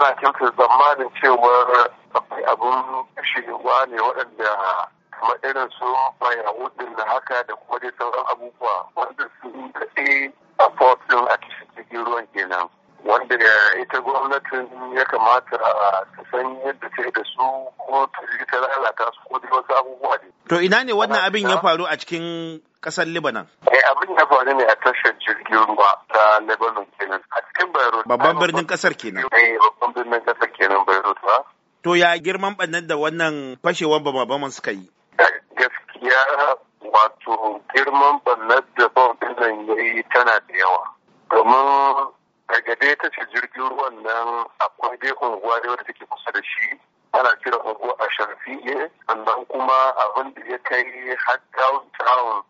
ana kyautar tsammanin cewar akwai abin shigewa ne waɗanda kamar irin su bayawu hudun da haka da kuma dai sauran abubuwa wanda su kaɗe a fortin a cikin ruwan kenan wanda ita gwamnatin ya kamata ta san yadda ta yi da su ko ta ta lalata su ko dai wasu abubuwa ne. To ina ne wannan abin ya faru a cikin ƙasar Lebanon. Eh abin da faru ne a tashar jirgin ruwa ta Lebanon kenan a cikin Beirut. Babban birnin kasar kenan. Eh babban birnin ƙasar kenan Beirut ba. To ya girman bannan da wannan fashewar bama-baman suka yi? Eh, gaskiya wato girman bannan da bam ɗin yayi yi tana da yawa. Domin daga dai ta ce jirgin ruwan nan akwai dai unguwa da wadda take kusa da shi ana kira unguwa a sharfiye sannan kuma abin da ya kai har Town.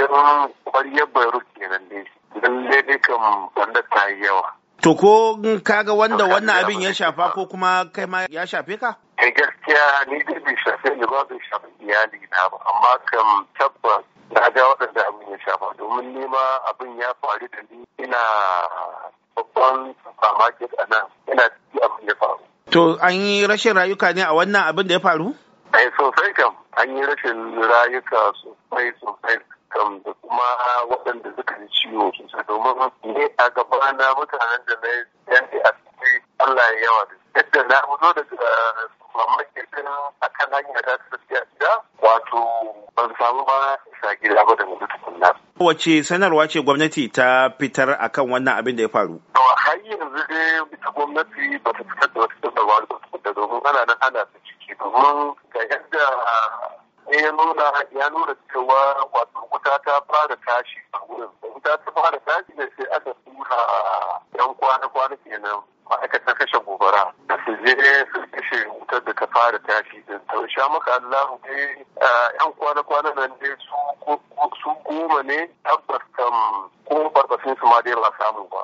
cikin ƙwaryar Beirut kenan dai. don daidai kan wanda ta yi yawa. To ko kaga wanda wannan abin ya shafa ko kuma kai ma ya shafe ka? Eh gaskiya ni dai bai shafe ni ba bai shafe iyali na ba amma kam tabbas na ga waɗanda abin ya shafa domin ni ma abin ya faru da ni ina babban supermarket a nan ina ciki abin ya faru. To an yi rashin rayuka ne a wannan abin da ya faru? Eh sosai kam an yi rashin rayuka sosai sosai. kam da kuma waɗanda suka ji ciwo sosai domin ne a gaba na mutanen da na yanke a cikin Allah ya yawa da yadda na zo da mamaki sun a kan hanya ta tafiya gida wato ban samu ba sa gida ba da mutu tukunna. Wace sanarwa ce gwamnati ta fitar akan wannan abin da ya faru? har yanzu dai ita gwamnati ba ta fitar da wata sanarwa da domin ana nan ana ta ciki domin ga yadda ya nuna ya nuna cewa wato wuta ta fara tashi a wurin wuta ta fara tashi da sai aka tura yan kwana-kwana kenan ma'aikatan kashe gobara da su je su kashe wutar da ta fara tashi din ta sha maka Allah dai yan kwana-kwana nan dai su goma ne tabbas kan ko barbasin su ma dai ba samu ba